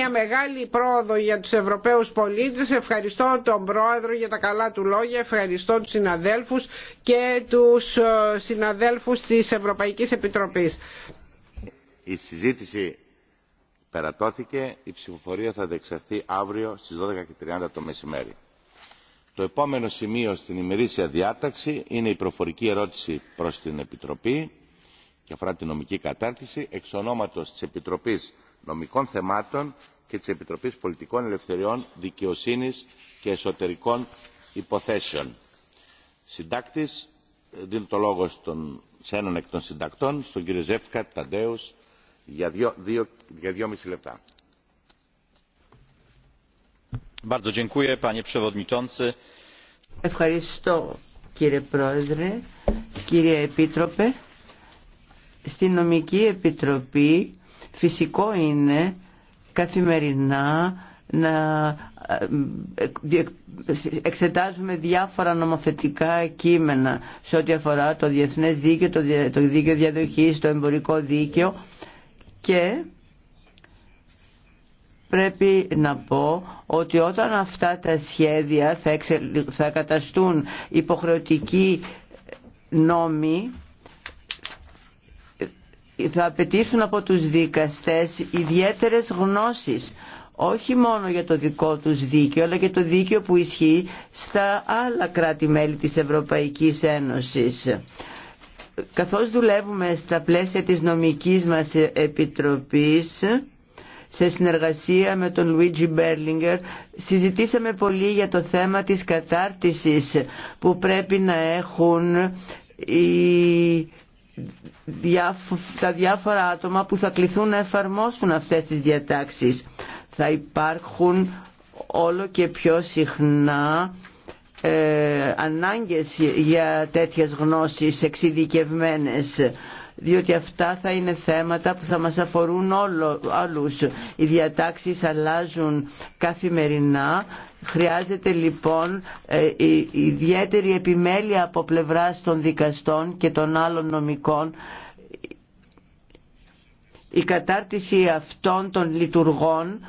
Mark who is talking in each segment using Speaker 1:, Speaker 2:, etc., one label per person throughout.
Speaker 1: μια μεγάλη πρόοδο για τους Ευρωπαίους πολίτες. Ευχαριστώ τον Πρόεδρο για τα καλά του λόγια, ευχαριστώ τους συναδέλφους και τους ε, συναδέλφους της Ευρωπαϊκής Επιτροπής.
Speaker 2: Η συζήτηση περατώθηκε, η ψηφοφορία θα δεξαχθεί αύριο στις 12.30 το μεσημέρι. Το επόμενο σημείο στην ημερήσια διάταξη είναι η προφορική ερώτηση προς την Επιτροπή και αφορά την νομική κατάρτιση εξ ονόματος της Επιτροπής νομικών θεμάτων και της Επιτροπής Πολιτικών Ελευθεριών, Δικαιοσύνης και Εσωτερικών Υποθέσεων. Συντάκτης, ε, δίνω το λόγο στον, σε έναν εκ των συντακτών, στον κύριο Ζεύκα Ταντέους, για δύο, δύο, για δύο μισή λεπτά.
Speaker 3: Ευχαριστώ κύριε Πρόεδρε, κύριε Επίτροπε. Στη Νομική Επιτροπή Φυσικό είναι καθημερινά να ε, ε, εξετάζουμε διάφορα νομοθετικά κείμενα σε ό,τι αφορά το διεθνές δίκαιο, το δίκαιο διαδοχής, το εμπορικό δίκαιο και πρέπει να πω ότι όταν αυτά τα σχέδια θα, θα καταστούν υποχρεωτικοί νόμοι θα απαιτήσουν από τους δικαστές ιδιαίτερες γνώσεις όχι μόνο για το δικό τους δίκαιο, αλλά και το δίκαιο που ισχύει στα άλλα κράτη-μέλη της Ευρωπαϊκής Ένωσης. Καθώς δουλεύουμε στα πλαίσια της νομικής μας επιτροπής, σε συνεργασία με τον Λουίτζι Μπέρλιγκερ συζητήσαμε πολύ για το θέμα της κατάρτισης που πρέπει να έχουν οι τα διάφορα άτομα που θα κληθούν να εφαρμόσουν αυτές τις διατάξεις. Θα υπάρχουν όλο και πιο συχνά ε, ανάγκες για τέτοιες γνώσεις εξειδικευμένες διότι αυτά θα είναι θέματα που θα μας αφορούν όλο, όλους. Οι διατάξεις αλλάζουν καθημερινά. Χρειάζεται λοιπόν ε, ιδιαίτερη επιμέλεια από πλευράς των δικαστών και των άλλων νομικών η κατάρτιση αυτών των λειτουργών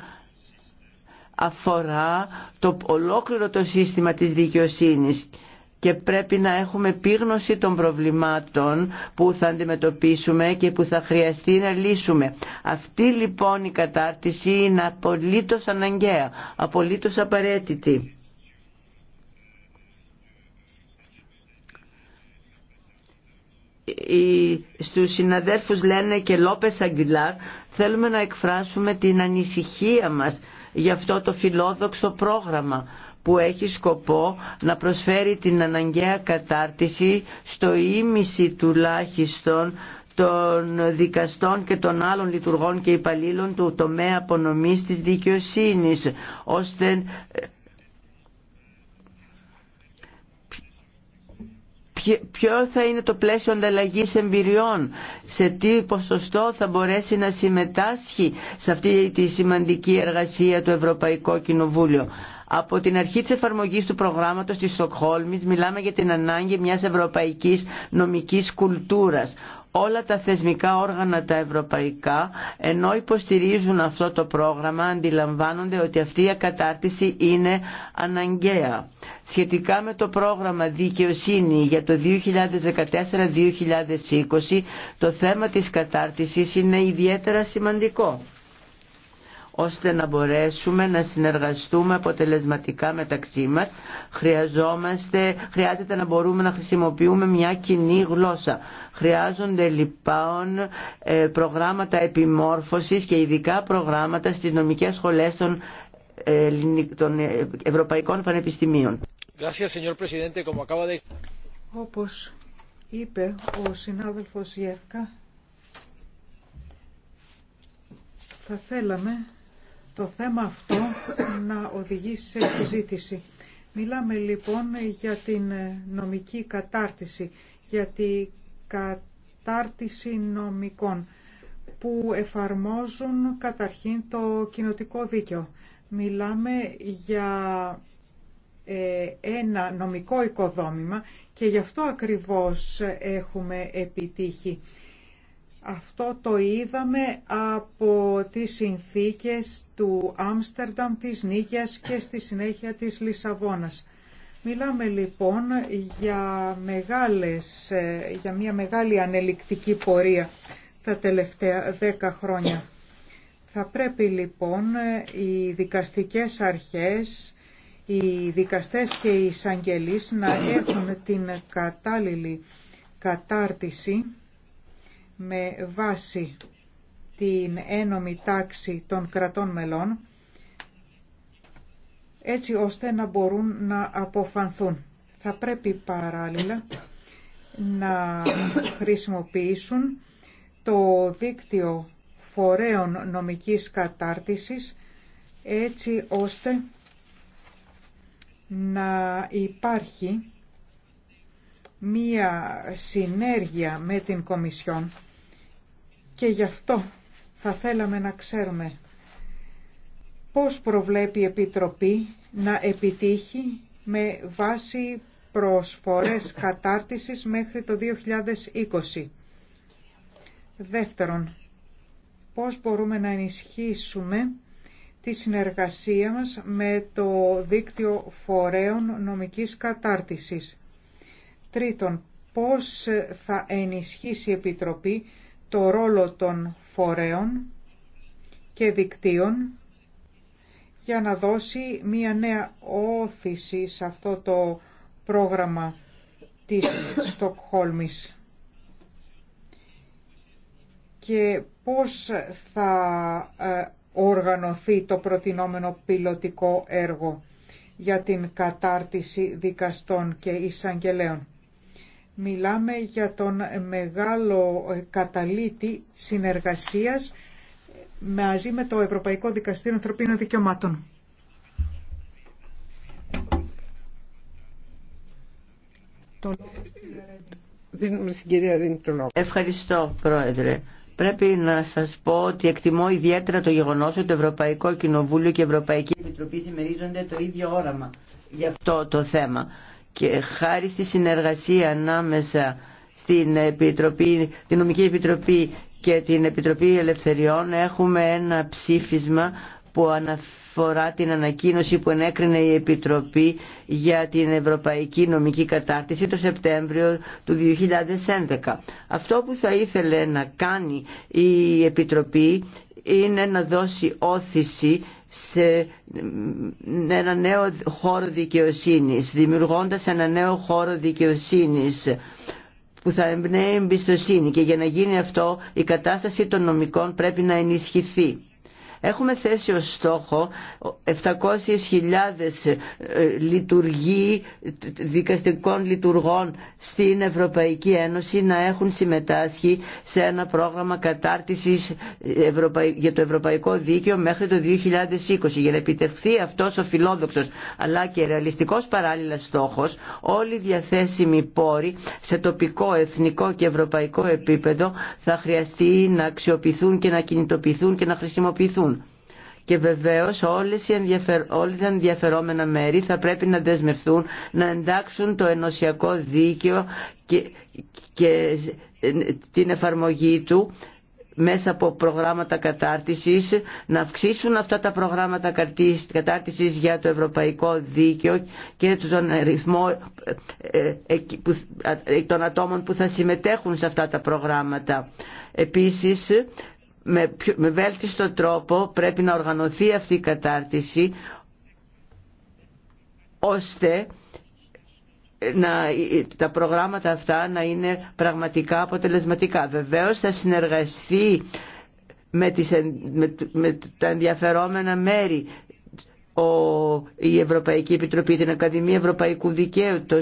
Speaker 3: αφορά το ολόκληρο το σύστημα της δικαιοσύνης και πρέπει να έχουμε πείγνωση των προβλημάτων που θα αντιμετωπίσουμε και που θα χρειαστεί να λύσουμε. Αυτή λοιπόν η κατάρτιση είναι απολύτως αναγκαία, απολύτως απαραίτητη. στους συναδέρφους λένε και Λόπες Αγγιλάρ θέλουμε να εκφράσουμε την ανησυχία μας για αυτό το φιλόδοξο πρόγραμμα που έχει σκοπό να προσφέρει την αναγκαία κατάρτιση στο ίμιση τουλάχιστον των δικαστών και των άλλων λειτουργών και υπαλλήλων του τομέα απονομής της δικαιοσύνης ώστε ε, ποιο θα είναι το πλαίσιο ανταλλαγή εμπειριών, σε τι ποσοστό θα μπορέσει να συμμετάσχει σε αυτή τη σημαντική εργασία του Ευρωπαϊκού Κοινοβούλιο. Από την αρχή της εφαρμογής του προγράμματος της Στοκχόλμης μιλάμε για την ανάγκη μιας ευρωπαϊκής νομικής κουλτούρας. Όλα τα θεσμικά όργανα τα ευρωπαϊκά, ενώ υποστηρίζουν αυτό το πρόγραμμα, αντιλαμβάνονται ότι αυτή η ακατάρτιση είναι αναγκαία. Σχετικά με το πρόγραμμα Δικαιοσύνη για το 2014-2020, το θέμα της κατάρτισης είναι ιδιαίτερα σημαντικό ώστε να μπορέσουμε να συνεργαστούμε αποτελεσματικά μεταξύ μας. Χρειαζόμαστε, χρειάζεται να μπορούμε να χρησιμοποιούμε μια κοινή γλώσσα. Χρειάζονται λοιπόν ε, προγράμματα επιμόρφωσης και ειδικά προγράμματα στις νομικές σχολές των, ε, των ε, Ευρωπαϊκών Πανεπιστημίων.
Speaker 2: Όπως είπε ο συνάδελφος Γεύκα, θα θέλαμε το θέμα αυτό να οδηγήσει σε συζήτηση. Μιλάμε λοιπόν για την ε, νομική κατάρτιση, για την κατάρτιση νομικών που εφαρμόζουν καταρχήν το κοινοτικό δίκαιο. Μιλάμε για ε, ένα νομικό οικοδόμημα και γι' αυτό ακριβώς έχουμε επιτύχει αυτό το είδαμε από τις συνθήκες του Άμστερνταμ, της Νίκιας και στη συνέχεια της Λισαβόνας. Μιλάμε λοιπόν για, μεγάλες, για μια μεγάλη ανελικτική πορεία τα τελευταία δέκα χρόνια. Θα πρέπει λοιπόν οι δικαστικές αρχές, οι δικαστές και οι εισαγγελείς να έχουν την κατάλληλη κατάρτιση με βάση την ένομη τάξη των κρατών μελών έτσι ώστε να μπορούν να αποφανθούν. Θα πρέπει παράλληλα να χρησιμοποιήσουν το δίκτυο φορέων νομικής κατάρτισης έτσι ώστε να υπάρχει μία συνέργεια με την Κομισιόν και γι' αυτό θα θέλαμε να ξέρουμε πώς προβλέπει η Επιτροπή να επιτύχει με βάση προσφορές κατάρτισης μέχρι το 2020. Δεύτερον, πώς μπορούμε να ενισχύσουμε τη συνεργασία μας με το δίκτυο φορέων νομικής κατάρτισης. Τρίτον, πώς θα ενισχύσει η Επιτροπή το ρόλο των φορέων και δικτύων για να δώσει μία νέα όθηση σε αυτό το πρόγραμμα της Στοκχόλμης και πώς θα ε, οργανωθεί το προτινόμενο πιλωτικό έργο για την κατάρτιση δικαστών και εισαγγελέων. Μιλάμε για τον μεγάλο καταλήτη συνεργασίας μαζί με το Ευρωπαϊκό Δικαστήριο Ανθρωπίνων Δικαιωμάτων.
Speaker 3: Ευχαριστώ, Πρόεδρε. Πρέπει να σας πω ότι εκτιμώ ιδιαίτερα το γεγονός ότι το Ευρωπαϊκό Κοινοβούλιο και η Ευρωπαϊκή Επιτροπή συμμερίζονται το ίδιο όραμα για αυτό το θέμα και χάρη στη συνεργασία ανάμεσα στην Επιτροπή, την Νομική Επιτροπή και την Επιτροπή Ελευθεριών έχουμε ένα ψήφισμα που αναφορά την ανακοίνωση που ενέκρινε η Επιτροπή για την Ευρωπαϊκή Νομική Κατάρτιση το Σεπτέμβριο του 2011. Αυτό που θα ήθελε να κάνει η Επιτροπή είναι να δώσει όθηση σε ένα νέο χώρο δικαιοσύνης, δημιουργώντας ένα νέο χώρο δικαιοσύνης που θα εμπνέει εμπιστοσύνη και για να γίνει αυτό η κατάσταση των νομικών πρέπει να ενισχυθεί. Έχουμε θέσει ως στόχο 700.000 ε, λειτουργοί δικαστικών λειτουργών στην Ευρωπαϊκή Ένωση να έχουν συμμετάσχει σε ένα πρόγραμμα κατάρτισης ε, για το Ευρωπαϊκό Δίκαιο μέχρι το 2020. Για να επιτευχθεί αυτός ο φιλόδοξος αλλά και ρεαλιστικός παράλληλα στόχος, όλοι οι διαθέσιμοι πόροι σε τοπικό, εθνικό και ευρωπαϊκό επίπεδο θα χρειαστεί να αξιοποιηθούν και να κινητοποιηθούν και να χρησιμοποιηθούν και βεβαίως όλες οι ενδιαφερ... τα ενδιαφερόμενα μέρη θα πρέπει να δεσμευθούν να εντάξουν το ενωσιακό δίκαιο και, ε, την εφαρμογή του μέσα από προγράμματα κατάρτισης, να αυξήσουν αυτά τα προγράμματα κατάρτισης για το ευρωπαϊκό δίκαιο και τον ρυθμό ε, ε, των ατόμων που θα συμμετέχουν σε αυτά τα προγράμματα. Επίσης, με, με βέλτιστο τρόπο πρέπει να οργανωθεί αυτή η κατάρτιση ώστε ε, να, ε, τα προγράμματα αυτά να είναι πραγματικά αποτελεσματικά. Βεβαίως θα συνεργαστεί με, τις, με, με τα ενδιαφερόμενα μέρη η Ευρωπαϊκή Επιτροπή, την Ακαδημία Ευρωπαϊκού Δικαίου, το,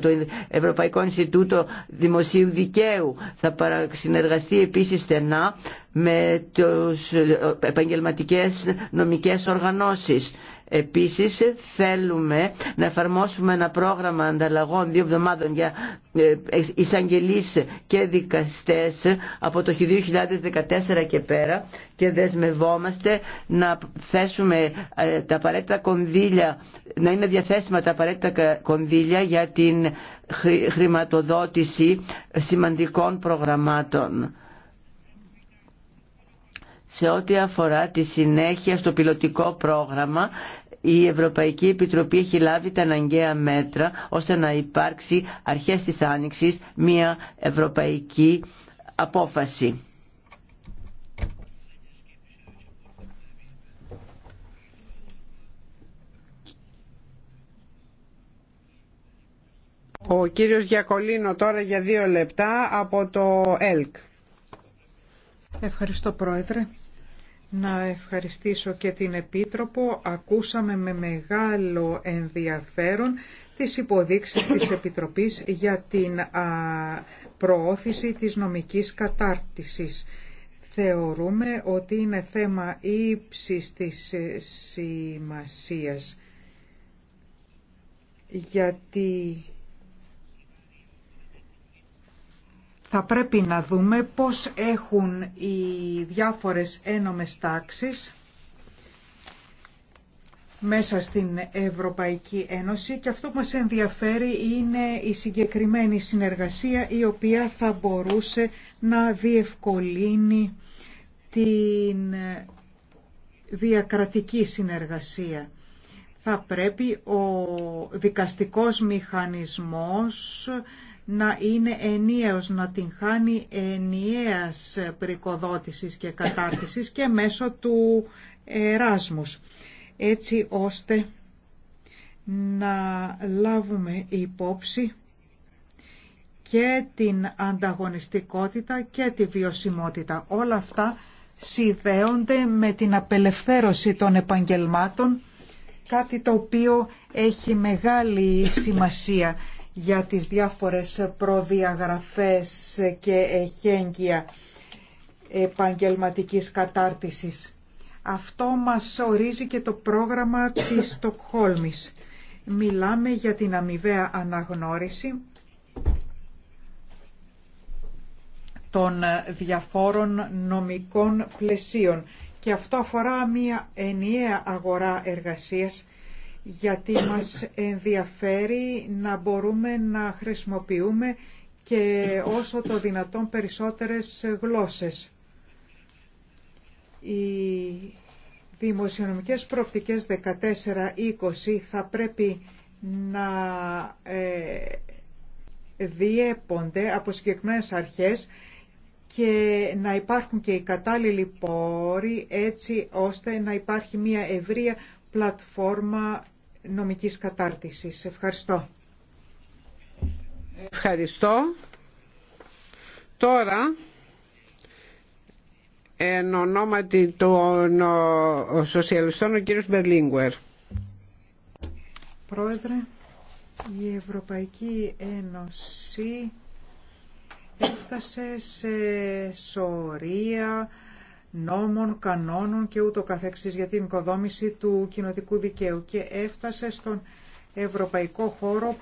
Speaker 3: το Ευρωπαϊκό Ινστιτούτο Δημοσίου Δικαίου. Θα συνεργαστεί επίσης στενά με τους ε, επαγγελματικές νομικές οργανώσεις. Επίσης θέλουμε να εφαρμόσουμε ένα πρόγραμμα ανταλλαγών δύο εβδομάδων για ε, εισαγγελείς και δικαστές από το 2014 και πέρα και δεσμευόμαστε να θέσουμε ε, τα απαραίτητα κονδύλια, να είναι διαθέσιμα τα απαραίτητα κονδύλια για την χρηματοδότηση σημαντικών προγραμμάτων σε ό,τι αφορά τη συνέχεια στο πιλωτικό πρόγραμμα η Ευρωπαϊκή Επιτροπή έχει λάβει τα αναγκαία μέτρα ώστε να υπάρξει αρχές της Άνοιξης μια ευρωπαϊκή απόφαση.
Speaker 1: Ο κύριος Γιακολίνο τώρα για δύο λεπτά από το ΕΛΚ.
Speaker 2: Ευχαριστώ Πρόεδρε. Να ευχαριστήσω και την Επίτροπο. Ακούσαμε με μεγάλο ενδιαφέρον τις υποδείξεις της Επιτροπής για την προώθηση της νομικής κατάρτισης. Θεωρούμε ότι είναι θέμα ύψης της ε, σημασίας γιατί θα πρέπει να δούμε πώς έχουν οι διάφορες ένομες τάξεις μέσα στην Ευρωπαϊκή Ένωση και αυτό που μας ενδιαφέρει είναι η συγκεκριμένη συνεργασία η οποία θα μπορούσε να διευκολύνει την διακρατική συνεργασία. Θα πρέπει ο δικαστικός μηχανισμός να είναι ενιαίος, να την χάνει ενιαίας πρικοδότησης και κατάρτισης και μέσω του Εράσμους, έτσι ώστε να λάβουμε υπόψη και την ανταγωνιστικότητα και τη βιωσιμότητα. Όλα αυτά συνδέονται με την απελευθέρωση των επαγγελμάτων, κάτι το οποίο έχει μεγάλη σημασία για τις διάφορες προδιαγραφές και εχέγγυα επαγγελματικής κατάρτισης. Αυτό μας ορίζει και το πρόγραμμα της Στοκχόλμης. Μιλάμε για την αμοιβαία αναγνώριση των διαφόρων νομικών πλαισίων και αυτό αφορά μια ενιαία αγορά εργασίας γιατί μας ενδιαφέρει να μπορούμε να χρησιμοποιούμε και όσο το δυνατόν περισσότερες γλώσσες. Οι δημοσιονομικές προοπτικές 14-20 θα πρέπει να ε, διέπονται από συγκεκριμένες αρχές και να υπάρχουν και οι κατάλληλοι πόροι έτσι ώστε να υπάρχει μια ευρεία πλατφόρμα νομικής κατάρτισης. Ευχαριστώ.
Speaker 1: Ευχαριστώ. Τώρα εν ονόματι των σοσιαλιστών ο κύριος Μπερλίνγκουερ. Πρόεδρε,
Speaker 2: η Ευρωπαϊκή Ένωση έφτασε σε σωρία νόμων, κανόνων και ούτω καθεξής για την οικοδόμηση του κοινοτικού δικαίου και έφτασε στον ευρωπαϊκό χώρο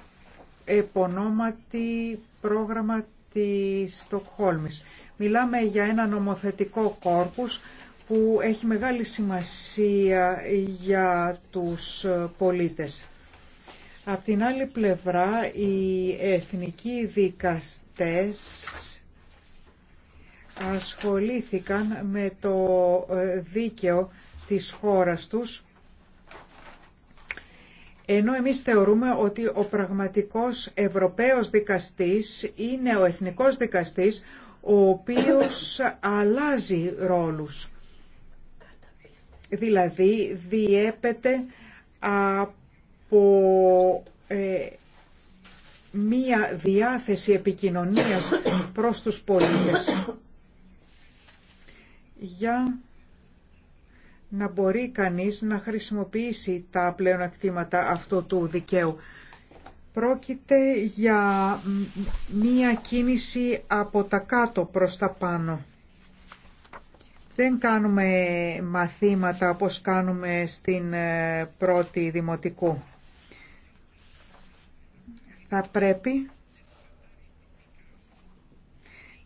Speaker 2: επωνόματι πρόγραμμα της Στοκχόλμης. Μιλάμε για ένα νομοθετικό κόρπους που έχει μεγάλη σημασία για τους πολίτες. Απ' την άλλη πλευρά, οι εθνικοί δικαστές ασχολήθηκαν με το ε, δίκαιο της χώρας τους ενώ εμείς θεωρούμε ότι ο πραγματικός Ευρωπαίος δικαστής είναι ο εθνικός δικαστής ο οποίος αλλάζει ρόλους. Δηλαδή διέπεται από ε, μία διάθεση επικοινωνίας προς τους πολίτες για να μπορεί κανείς να χρησιμοποιήσει τα πλεονεκτήματα αυτού του δικαίου. Πρόκειται για μία κίνηση από τα κάτω προς τα πάνω. Δεν κάνουμε μαθήματα όπως κάνουμε στην ε, πρώτη δημοτικού. Θα πρέπει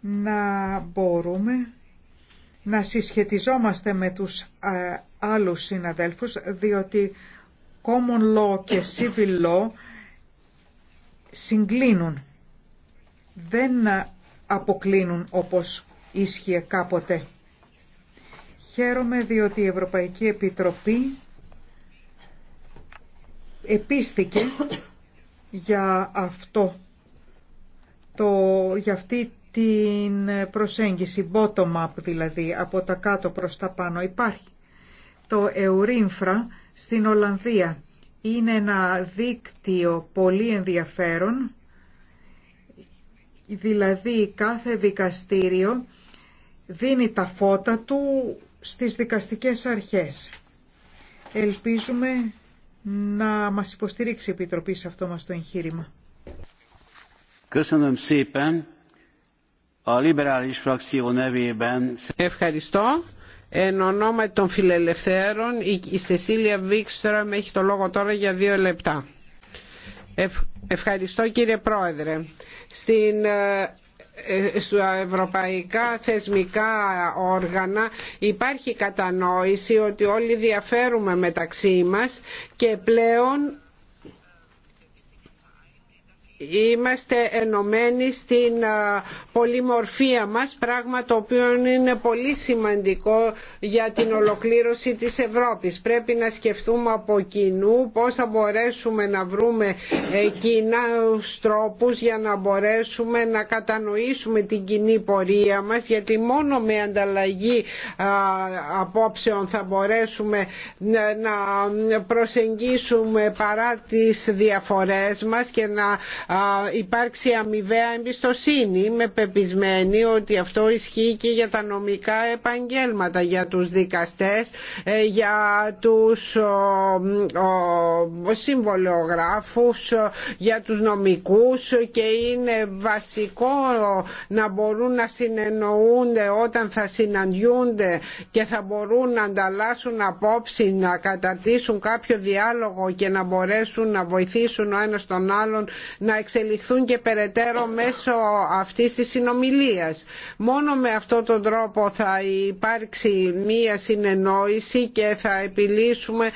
Speaker 2: να μπορούμε να συσχετιζόμαστε με τους ε, άλλους συναδέλφους, διότι common law και civil law συγκλίνουν, δεν ε, αποκλίνουν όπως ίσχυε κάποτε. Χαίρομαι διότι η Ευρωπαϊκή Επιτροπή επίστηκε για αυτό, το, για αυτή την προσέγγιση bottom-up δηλαδή, από τα κάτω προς τα πάνω. Υπάρχει το Eurinfra στην Ολλανδία. Είναι ένα δίκτυο πολύ ενδιαφέρον, δηλαδή κάθε δικαστήριο δίνει τα φώτα του στις δικαστικές αρχές. Ελπίζουμε να μας υποστηρίξει η Επιτροπή σε αυτό μας το εγχείρημα.
Speaker 1: Ευχαριστώ. Εν ονόματι των φιλελευθέρων, η Σεσίλια Βίξτρα με έχει το λόγο τώρα για δύο λεπτά. Ευχαριστώ κύριε Πρόεδρε. Στην ε, ε, στα ευρωπαϊκά θεσμικά όργανα υπάρχει κατανόηση ότι όλοι διαφέρουμε μεταξύ μας και πλέον Είμαστε ενωμένοι στην πολυμορφία μας, πράγμα το οποίο είναι πολύ σημαντικό για την ολοκλήρωση της Ευρώπης. Πρέπει να σκεφτούμε από κοινού πώς θα μπορέσουμε να βρούμε ε, κοινά τρόπους για να μπορέσουμε να κατανοήσουμε την κοινή πορεία μας, γιατί μόνο με ανταλλαγή απόψεων θα μπορέσουμε ε, να προσεγγίσουμε παρά τις διαφορές μας και να υπάρξει αμοιβαία εμπιστοσύνη. Είμαι πεπισμένη ότι αυτό ισχύει και για τα νομικά επαγγέλματα, για τους δικαστές, ε, για τους συμβολογράφους, για τους νομικούς και είναι βασικό να μπορούν να συνεννοούνται όταν θα συναντιούνται και θα μπορούν να ανταλλάσσουν απόψη, να καταρτήσουν κάποιο διάλογο και να μπορέσουν να βοηθήσουν ο ένας τον άλλον να να εξελιχθούν και περαιτέρω μέσω αυτής της συνομιλίας. Μόνο με αυτόν τον τρόπο θα υπάρξει μία συνεννόηση και θα επιλύσουμε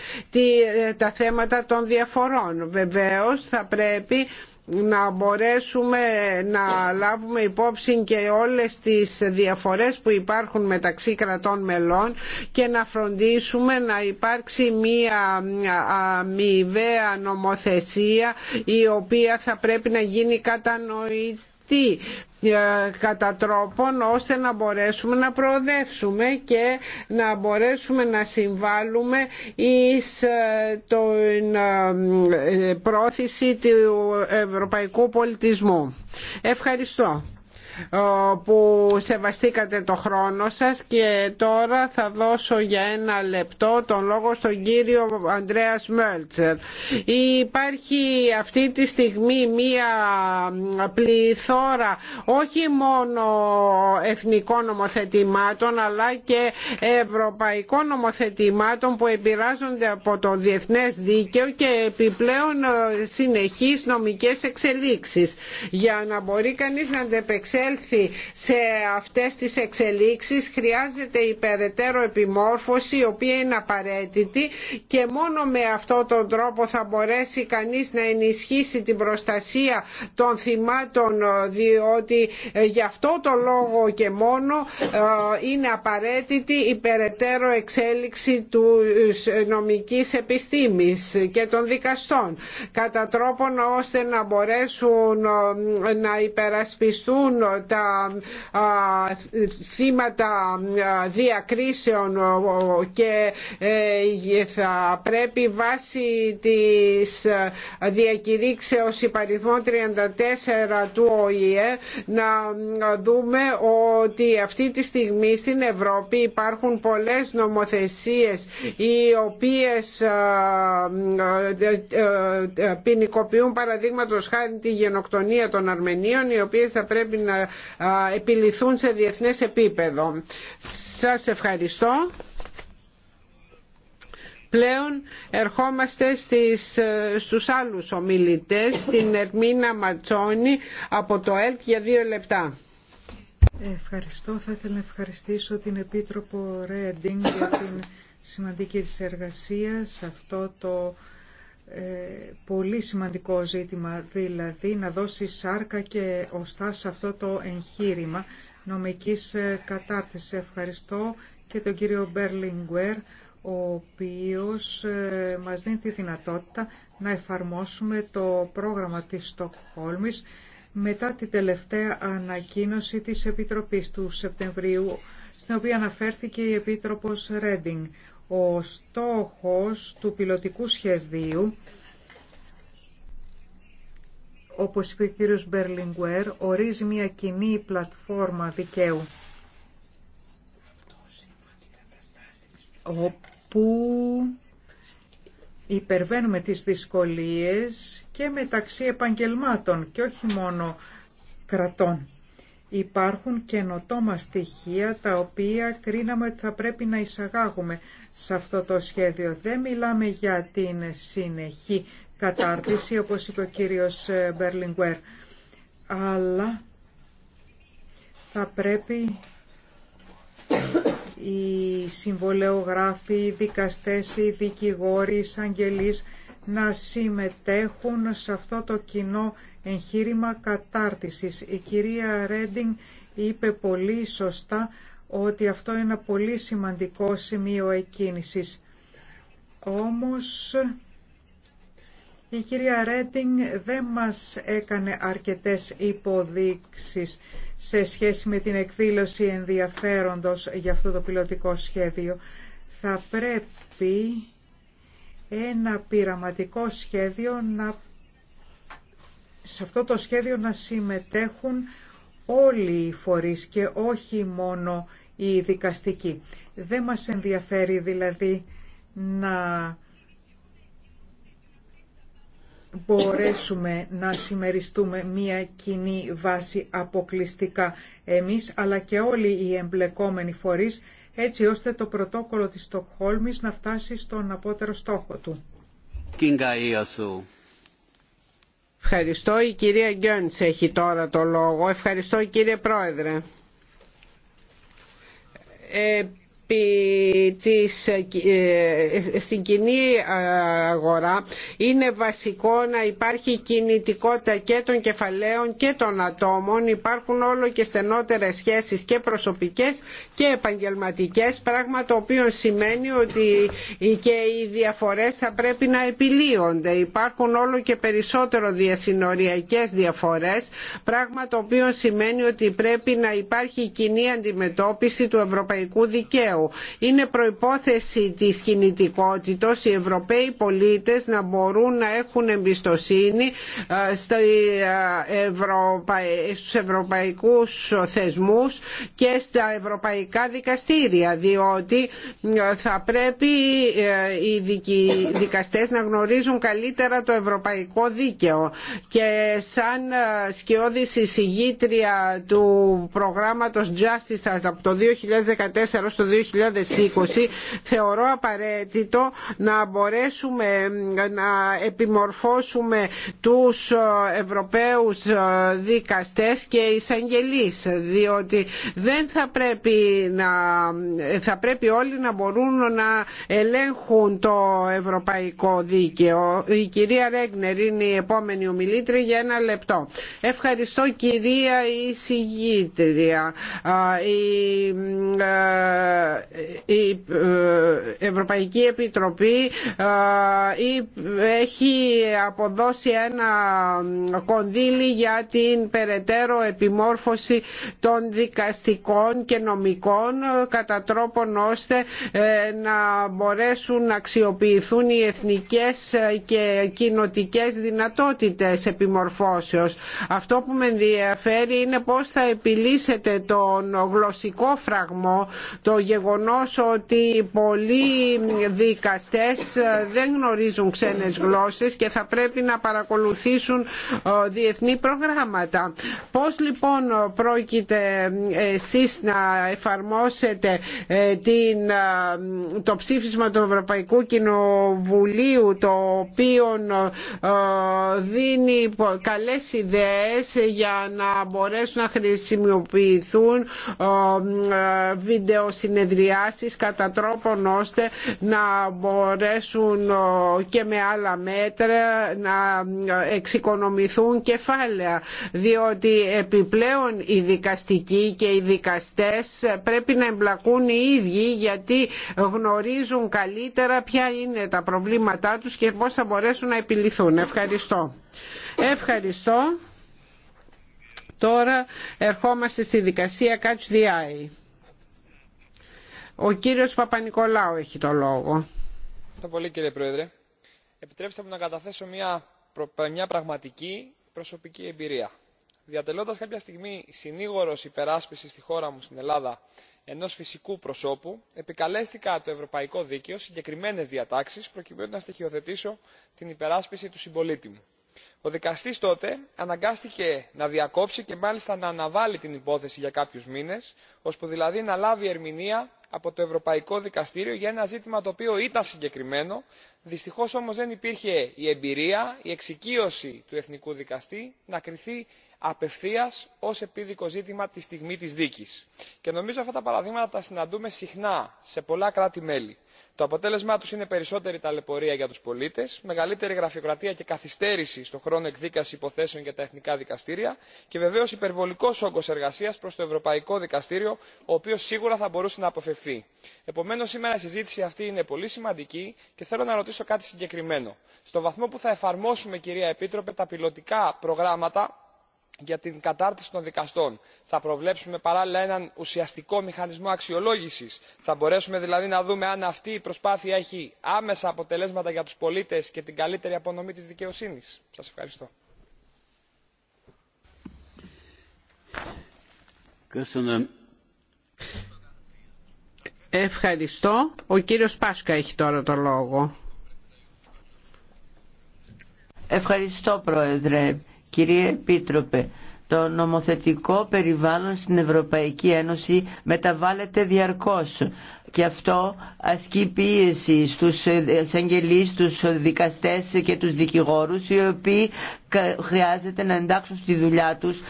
Speaker 1: τα θέματα των διαφορών. Βεβαίως θα πρέπει να μπορέσουμε να λάβουμε υπόψη και όλες τις διαφορές που υπάρχουν μεταξύ κρατών μελών και να φροντίσουμε να υπάρξει μία αμοιβαία νομοθεσία η οποία θα πρέπει να γίνει κατανοητή ε, κατά τρόπον ώστε να μπορέσουμε να προοδεύσουμε και να μπορέσουμε να συμβάλλουμε εις ε, την ε, πρόθεση του ευρωπαϊκού πολιτισμού. Ευχαριστώ που σεβαστήκατε το χρόνο σας και τώρα θα δώσω για ένα λεπτό τον λόγο στον κύριο Ανδρέας Μέλτσερ. Υπάρχει αυτή τη στιγμή μία πληθώρα όχι μόνο εθνικών νομοθετημάτων αλλά και ευρωπαϊκών νομοθετημάτων που επηρεάζονται από το διεθνές δίκαιο και επιπλέον συνεχείς νομικές εξελίξεις. Για να μπορεί κανείς να αντεπεξέλθει σε αυτές τις εξελίξεις χρειάζεται η επιμόρφωση η οποία είναι απαραίτητη και μόνο με αυτόν τον τρόπο θα μπορέσει κανείς να ενισχύσει την προστασία των θυμάτων διότι ε, γι' αυτό το λόγο και μόνο ε, είναι απαραίτητη η περαιτέρω εξέλιξη του ε, νομικής επιστήμης και των δικαστών κατά τρόπον ώστε να μπορέσουν να υπερασπιστούν τα θύματα διακρίσεων και ε, ε, θα πρέπει βάσει της ε, διακηρύξεως υπαριθμών 34 του ΟΗΕ να δούμε ότι αυτή τη στιγμή στην Ευρώπη υπάρχουν πολλές νομοθεσίες οι οποίες ποινικοποιούν παραδείγματος χάρη τη γενοκτονία των Αρμενίων οι οποίες θα πρέπει να επιληθούν σε διεθνές επίπεδο. Σας ευχαριστώ. Πλέον ερχόμαστε στις, ε, στους άλλους ομιλητές, στην Ερμίνα Ματσόνη από το ΕΛΚ για δύο λεπτά.
Speaker 2: Ευχαριστώ. Θα ήθελα να ευχαριστήσω την Επίτροπο Ρέντινγκ για την σημαντική της εργασία σε αυτό το ε, πολύ σημαντικό ζήτημα, δηλαδή να δώσει σάρκα και οστά σε αυτό το εγχείρημα νομικής ε, κατάρτισης. Ευχαριστώ και τον κύριο Μπέρλιγκουέρ, ο οποίος ε, μας δίνει τη δυνατότητα να εφαρμόσουμε το πρόγραμμα της Στοκχόλμης μετά την τελευταία ανακοίνωση της Επιτροπής του Σεπτεμβρίου, στην οποία αναφέρθηκε η Επίτροπος Ρέντινγκ ο στόχος του πιλωτικού σχεδίου, όπως είπε ο κύριος Μπερλιγκουέρ, ορίζει μια κοινή πλατφόρμα δικαίου όπου υπερβαίνουμε τις δυσκολίες και μεταξύ επαγγελμάτων και όχι μόνο κρατών υπάρχουν καινοτόμα στοιχεία τα οποία κρίναμε ότι θα πρέπει να εισαγάγουμε σε αυτό το σχέδιο. Δεν μιλάμε για την συνεχή κατάρτιση, όπως είπε ο κύριος Μπερλιγκουέρ, αλλά θα πρέπει οι συμβολεογράφοι, οι δικαστές, οι δικηγόροι, οι να συμμετέχουν σε αυτό το κοινό εγχείρημα κατάρτισης. Η κυρία Ρέντινγκ είπε πολύ σωστά ότι αυτό είναι ένα πολύ σημαντικό σημείο εκκίνησης. Όμως η κυρία Ρέντινγκ δεν μας έκανε αρκετές υποδείξεις σε σχέση με την εκδήλωση ενδιαφέροντος για αυτό το πιλωτικό σχέδιο. Θα πρέπει ένα πειραματικό σχέδιο να σε αυτό το σχέδιο να συμμετέχουν όλοι οι φορείς και όχι μόνο οι δικαστικοί. Δεν μας ενδιαφέρει δηλαδή να μπορέσουμε να συμμεριστούμε μία κοινή βάση αποκλειστικά εμείς, αλλά και όλοι οι εμπλεκόμενοι φορείς έτσι ώστε το πρωτόκολλο της Στοκχόλμης να φτάσει στον απότερο στόχο
Speaker 1: του. Ευχαριστώ. Η κυρία Γκιόντς έχει τώρα το λόγο. Ευχαριστώ κύριε Πρόεδρε. Ε, της, ε, στην κοινή αγορά είναι βασικό να υπάρχει κινητικότητα και των κεφαλαίων και των ατόμων υπάρχουν όλο και στενότερες σχέσεις και προσωπικές και επαγγελματικές πράγμα το οποίο σημαίνει ότι και οι διαφορές θα πρέπει να επιλύονται υπάρχουν όλο και περισσότερο διασυνοριακές διαφορές πράγμα το οποίο σημαίνει ότι πρέπει να υπάρχει κοινή αντιμετώπιση του ευρωπαϊκού δικαίου είναι προϋπόθεση της κινητικότητας οι Ευρωπαίοι πολίτες να μπορούν να έχουν εμπιστοσύνη ε, ε, στους ευρωπαϊκούς θεσμούς και στα ευρωπαϊκά δικαστήρια διότι ε, θα πρέπει οι δικαστές να γνωρίζουν καλύτερα το ευρωπαϊκό δίκαιο και σαν σκιώδης εισηγήτρια του προγράμματος Justice από το 2014 στο 2020 θεωρώ απαραίτητο να μπορέσουμε να επιμορφώσουμε τους Ευρωπαίους δικαστές και εισαγγελείς διότι δεν θα πρέπει, να, θα πρέπει όλοι να μπορούν να ελέγχουν το ευρωπαϊκό δίκαιο. Η κυρία Ρέγνερ είναι η επόμενη ομιλήτρια για ένα λεπτό. Ευχαριστώ κυρία η Η ε, η ε, Ευρωπαϊκή Επιτροπή ε, έχει αποδώσει ένα κονδύλι για την περαιτέρω επιμόρφωση των δικαστικών και νομικών κατά τρόπον ώστε ε, να μπορέσουν να αξιοποιηθούν οι εθνικές και κοινοτικές δυνατότητες επιμορφώσεως. Αυτό που με ενδιαφέρει είναι πώς θα επιλύσετε τον γλωσσικό φραγμό, το γεγονός γεγονός ότι πολλοί δικαστές δεν γνωρίζουν ξένες γλώσσες και θα πρέπει να παρακολουθήσουν ε, διεθνή προγράμματα. Πώς λοιπόν πρόκειται ε, εσείς να εφαρμόσετε ε, την, το ψήφισμα του Ευρωπαϊκού Κοινοβουλίου το οποίο δίνει καλές ιδέες για να μπορέσουν να χρησιμοποιηθούν βίντεο συνεδρία κατά τρόπον ώστε να μπορέσουν ε, και με άλλα μέτρα να εξοικονομηθούν κεφάλαια διότι επιπλέον οι δικαστικοί και οι δικαστές πρέπει να εμπλακούν οι ίδιοι γιατί γνωρίζουν καλύτερα ποια είναι τα προβλήματά τους και πώς θα μπορέσουν να επιληθούν. Ευχαριστώ. Ευχαριστώ. Τώρα ερχόμαστε στη δικασία Catch the ο κύριος έχει το λόγο.
Speaker 4: Ευχαριστώ πολύ κύριε Πρόεδρε. Επιτρέψτε μου να καταθέσω μια, μια πραγματική προσωπική εμπειρία. Διατελώντα κάποια στιγμή συνήγορο υπεράσπιση στη χώρα μου στην Ελλάδα ενός φυσικού προσώπου, επικαλέστηκα το Ευρωπαϊκό Δίκαιο συγκεκριμένες διατάξεις προκειμένου να στοιχειοθετήσω την υπεράσπιση του συμπολίτη μου ο δικαστή τότε αναγκάστηκε να διακόψει και μάλιστα να αναβάλει την υπόθεση για κάποιους μήνες ώσπου δηλαδή να λάβει ερμηνεία από το ευρωπαϊκό δικαστήριο για ένα ζήτημα το οποίο ήταν συγκεκριμένο δυστυχώς όμως δεν υπήρχε η εμπειρία η εξοικείωση του εθνικού δικαστή να κριθεί απευθείας ως επίδικο ζήτημα τη στιγμή της δίκης. Και νομίζω αυτά τα παραδείγματα τα συναντούμε συχνά σε πολλά κράτη-μέλη. Το αποτέλεσμά τους είναι περισσότερη ταλαιπωρία για τους πολίτες, μεγαλύτερη γραφειοκρατία και καθυστέρηση στον χρόνο εκδίκασης υποθέσεων για τα εθνικά δικαστήρια και βεβαίως υπερβολικός όγκος εργασίας προς το Ευρωπαϊκό Δικαστήριο, ο οποίος σίγουρα θα μπορούσε να αποφευθεί. Επομένως, σήμερα η συζήτηση αυτή είναι πολύ σημαντική και θέλω να ρωτήσω κάτι συγκεκριμένο. Στο βαθμό που θα εφαρμόσουμε, κυρία Επίτροπε, τα πιλωτικά προγράμματα για την κατάρτιση των δικαστών θα προβλέψουμε παράλληλα έναν ουσιαστικό μηχανισμό αξιολόγησης θα μπορέσουμε δηλαδή να δούμε αν αυτή η προσπάθεια έχει άμεσα αποτελέσματα για τους πολίτες και την καλύτερη απονομή της δικαιοσύνης. σας ευχαριστώ.
Speaker 1: Ευχαριστώ. Ο κύριος Πάσκα έχει τώρα το λόγο.
Speaker 3: Ευχαριστώ Πρόεδρε. Κύριε Επίτροπε, το νομοθετικό περιβάλλον στην Ευρωπαϊκή Ένωση μεταβάλλεται διαρκώς και αυτό ασκεί πίεση στους εισαγγελείς, τους δικαστές και τους δικηγόρους οι οποίοι χρειάζεται να εντάξουν στη δουλειά τους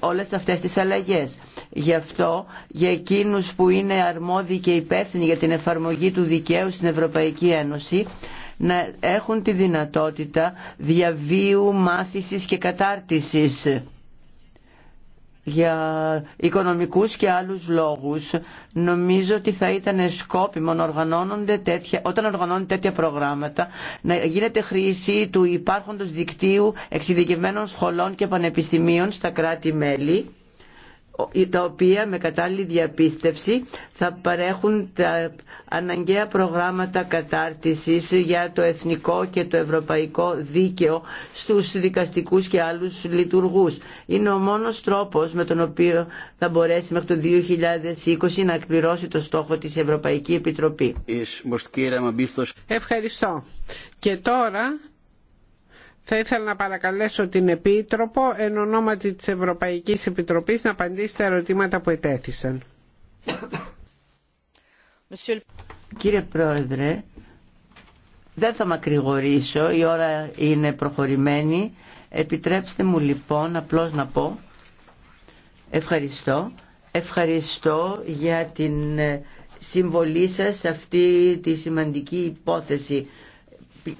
Speaker 3: όλες αυτές τις αλλαγές. Γι' αυτό για εκείνους που είναι αρμόδιοι και υπεύθυνοι για την εφαρμογή του δικαίου στην Ευρωπαϊκή Ένωση να έχουν τη δυνατότητα διαβίου μάθησης και κατάρτισης για οικονομικούς και άλλους λόγους νομίζω ότι θα ήταν σκόπιμο να οργανώνονται τέτοια, όταν οργανώνουν τέτοια προγράμματα να γίνεται χρήση του υπάρχοντος δικτύου εξειδικευμένων σχολών και πανεπιστημίων στα κράτη-μέλη τα οποία με κατάλληλη διαπίστευση θα παρέχουν τα αναγκαία προγράμματα κατάρτισης για το εθνικό και το ευρωπαϊκό δίκαιο στους δικαστικούς και άλλους λειτουργούς. Είναι ο μόνος τρόπος με τον οποίο θα μπορέσει μέχρι το 2020 να εκπληρώσει το στόχο της Ευρωπαϊκή Επιτροπή.
Speaker 1: Ευχαριστώ. Και τώρα θα ήθελα να παρακαλέσω την Επίτροπο εν ονόματι της Ευρωπαϊκής Επιτροπής να απαντήσει τα ερωτήματα που ετέθησαν.
Speaker 3: Κύριε Πρόεδρε, δεν θα μακρηγορήσω, η ώρα είναι προχωρημένη. Επιτρέψτε μου λοιπόν απλώς να πω ευχαριστώ. Ευχαριστώ για την συμβολή σας σε αυτή τη σημαντική υπόθεση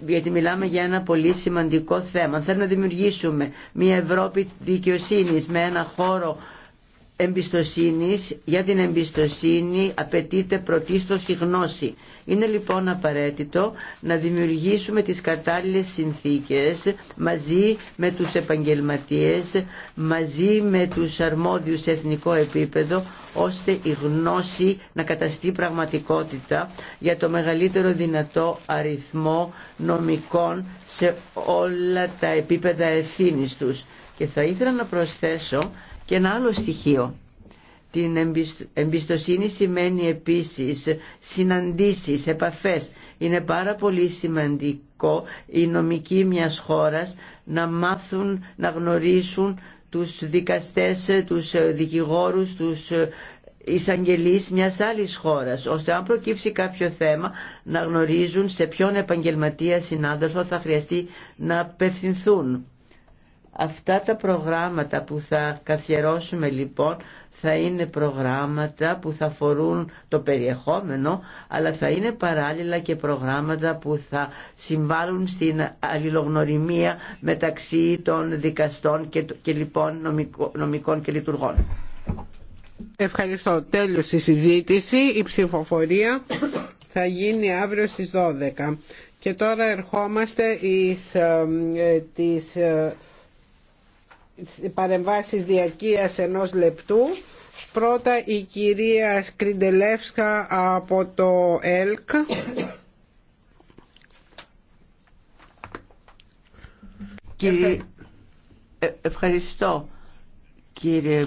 Speaker 3: γιατί μιλάμε για ένα πολύ σημαντικό θέμα. Θέλουμε να δημιουργήσουμε μια Ευρώπη δικαιοσύνης με ένα χώρο εμπιστοσύνης, για την εμπιστοσύνη απαιτείται πρωτίστως η γνώση. Είναι λοιπόν απαραίτητο να δημιουργήσουμε τις κατάλληλες συνθήκες μαζί με τους επαγγελματίες, μαζί με τους αρμόδιους σε εθνικό επίπεδο, ώστε η γνώση να καταστεί πραγματικότητα για το μεγαλύτερο δυνατό αριθμό νομικών σε όλα τα επίπεδα ευθύνη τους. Και θα ήθελα να προσθέσω και ένα άλλο στοιχείο. Την εμπιστοσύνη σημαίνει επίσης συναντήσεις, επαφές. Είναι πάρα πολύ σημαντικό οι νομικοί μιας χώρας να μάθουν, να γνωρίσουν τους δικαστές, τους δικηγόρους, τους εισαγγελείς μιας άλλης χώρας, ώστε αν προκύψει κάποιο θέμα να γνωρίζουν σε ποιον επαγγελματία συνάδελφο θα χρειαστεί να απευθυνθούν. Αυτά τα προγράμματα που θα καθιερώσουμε λοιπόν θα είναι προγράμματα που θα φορούν το περιεχόμενο αλλά θα είναι παράλληλα και προγράμματα που θα συμβάλλουν στην αλληλογνωριμία μεταξύ των δικαστών και, και λοιπόν νομικών και λειτουργών.
Speaker 1: Ευχαριστώ. Τέλος η συζήτηση. Η ψηφοφορία θα γίνει αύριο στις 12. Και τώρα ερχόμαστε εις ε, ε, ε, παρεμβάσεις διακίας ενός λεπτού. Πρώτα η κυρία Σκριντελεύσκα από το ΕΛΚ.
Speaker 3: Κύριε... Ε, ευχαριστώ κύριε